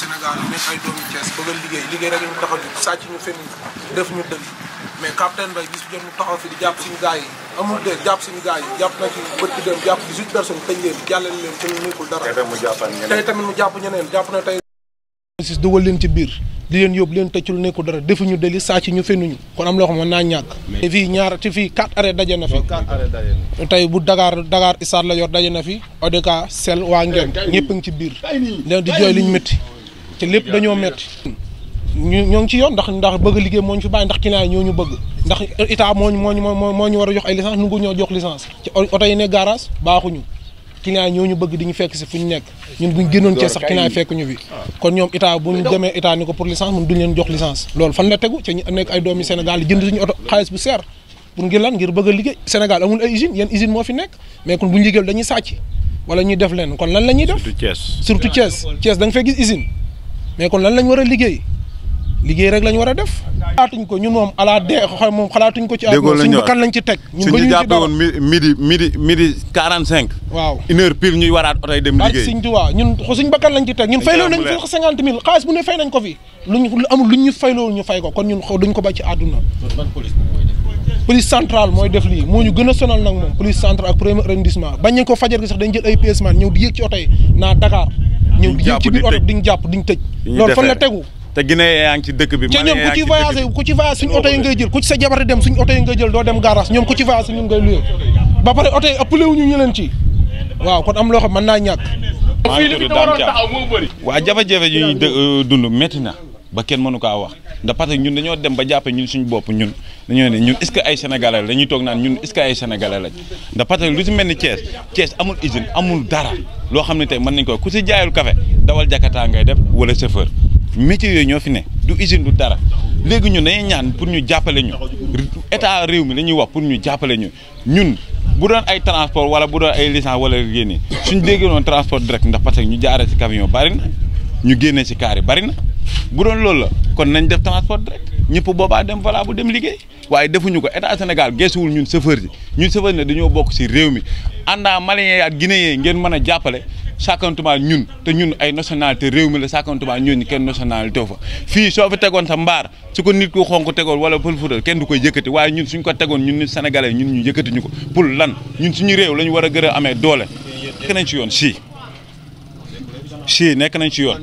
Sénégal nekk ay doomu a liggéey liggéey rek ñu taxaw ñu sàcc ñu fenn def ñu dëgg mais capitaine Mbaye bis bu jot mu taxaw fi di jàpp suñu gars yi amul de jàpp suñu gars yi jàpp na ci bët bi dem jàpp 18 personnes tëj leen jàllale leen te ñu nekkul tey tamit mu jàpp ñeneen jàpp na tey si dugal leen ci biir di leen yóbbu leen tëccul nekkul dara defuñu ñu fenuñu kon am loo xam ne naa ñàkk te fii ñaar te fii quatre arrêt na fi tey bu Dakar Dakar Issa la yor daje na fi ODK sel waa ngeen ñëpp ci biir leen di jooy liñ métti te lépp dañoo metti ñu ñoo ngi ci yoon ndax ndax bëgg liggéey moo ñu fi bàyyi ndax client ñoo ñu bëgg ndax état moo ñu moo ñu moo ñu war a jox ay licence nu ngu ñoo jox licence ci oto yi ne garage ñu bëgg di ñu fekk si fu ñu nekk ñun buñ génnoon cee sax client fekk ñu fi kon ñoom état bu ñu demee état ni ko pour licence mun duñ leen jox licence loolu fan la tegu ci ñu nekk ay doomi Sénégal jënd suñu oto xaalis bu seer pour ngir lan ngir bëgg a liggéey Sénégal amul ay usine yenn usine moo fi nekk mais kon buñ liggéeyul dañuy sàcc wala ñuy def leen kon lan la ñuy def surtout Thiès Thiès da nga fay gis usine mais kon lan lañ war a liggéey liggéey rek lañ war a def. xalaatuñ ko ñun moom ala moom xalaatuñ ko ci. déggoo la ñu kan lañ ci teg. ñun ba ñu ci jàppee waaw une waraat oto yi dem liggéey. suñ tubaab ñun suñ bakkan lañ ci teg ñun fayloo nañ fi cinquante mille xaalis bu ne fay nañ ko ñu fayloo ñu fay ko kon ñun duñ ko ba ci àdduna. police centrale mooy def lii moo ñu gën sonal nag moom police centrale ak premier arrondissement bañ nañ ko fajar gi sax dañ jël ay pièces man ñëw di ci oto naa Dakar ñu ci biir oto duñ jàpp duñ tëj loolu fan la tegu te Guinée yaa ngi ci dëkk bi te ñoom ku ci voyagé ku ci suñu oto yi ngay jël ku ci sa jabar dem suñu oto yi ngay jël doo dem garage ñoom ku ci voyagé ñun ngay luye ba pare oto yi ëppale ñu leen ci waaw kon am loo man naa ñàkk waa jafe-jafe ji ñuy euh, dund metti na ba kenn mënu kaa wax ndax parce que ñun dañoo dem ba jàppe ñun suñu bopp ñun dañoo ne ñun est-ce que ay sénégalais dañuy toog naan ñun est-ce que ay sénégalais lañ ndax parce lu si mel ni Thiès Thiès amul usine amul dara loo xam ne tey mën nañ koy ku si jaayul café dawal jakataa ngay def wala chauffeur métier yooyu ñoo fi ne du usine du dara léegi ñun dañuy ñaan pour ñu jàppale ñu état réew mi la ñuy wax pour ñu jàppale ñu ñun bu doon ay transport wala bu doon ay licence wala génne suñ déggee noon transport direct ndax parce que ñu jaaree si camion bari ñu génnee si kaar bari na bu doon loolu la kon nañ def transport direct ñëpp boobaa dem voilà bu dem liggéey waaye defuñu ko état senegal geesuwul ñun chauffeur yi ñun chauffeur ne dañoo bokk si réew mi àndaa malien ak yee ngeen mën a jàppale sàkkantuma ñun te ñun ay nationalité réew mi la sàkkantuma ñun kenn nationalité fa fii soo fi tegoon ta mbaar su ko nit ku xonk tegoon wala pël fuutal kenn du koy yëkkati waaye ñun suñ ko tegoon ñun nit sénégalais ñun ñu yëkkati ñu ko pour lan ñun suñu réew la ñu war a amee doole nañ ci yoon si si nekk nañ ci yoon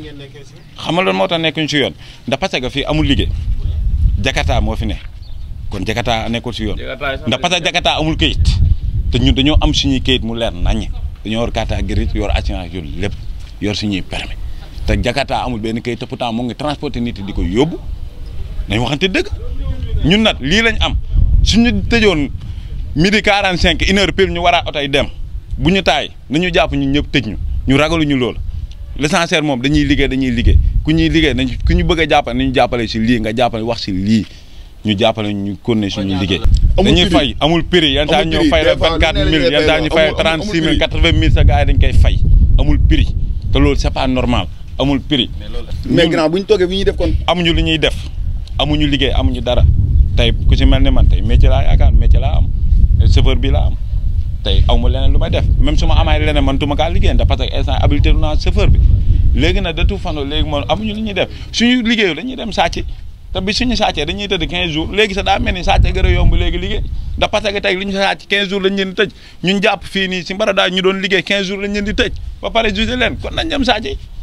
xam nga loolu moo tax nekkuñ ci yoon ndax parce que fii amul liggéey Jakarta moo fi ne kon Jakarta nekkul si yoon ndax parce que amul kayit te ñun dañoo am suñuy kayit mu leer naññ dañoo yor carte grise yor assurance yor lépp yor suñuy permis te Jakarta amul benn kayit te pourtant mu ngi transporter nit di ko yóbbu nañ waxante dëgg ñun nag lii lañu am suñu tëjoon midi 45 une heure pile ñu war a oto dem bu ñu taay ñu jàpp ñu ñëpp tëj ñu ñu ragaluñu loolu l'essentiel moom dañuy liggéey dañuy liggéey ku ñuy liggéey nañ ku ñu bëgg a jàppale nañu jàppale si lii nga jàppale wax si lii ñu jàppale ñu continuer suñu liggéey dañuy fay amul prix yan taa koy fay amul prix te loolu c'est pas normal amul prix mais grand bu ñu toogee bu ñuy def kon amuñu lu ñuy def amuñu liggéey amuñu dara tey ku si mel ni man tey métier laa yaakaar métier laa am chauffeur bi laa am tey aw ma leneen lu may def même su ma amaay leneen man tuma kaa liggéey ndax parce que instant habilité naa chauffeur bi léegi nag de tout fano léegi moom amuñu lu ñuy def suñu liggéeyu dañuy dem sàcc te bi suñu sàccee dañuy tëdd 15 jours léegi sax daa mel ni sàcc gën a yomb léegi liggéey da parce que tey li ñu sàcc 15 jours lañ leen di tëj ñun jàpp fii si mbara daa ñu doon liggéey 15 jours lañ leen di tëj ba pare jugé leen kon nañ dem sàcc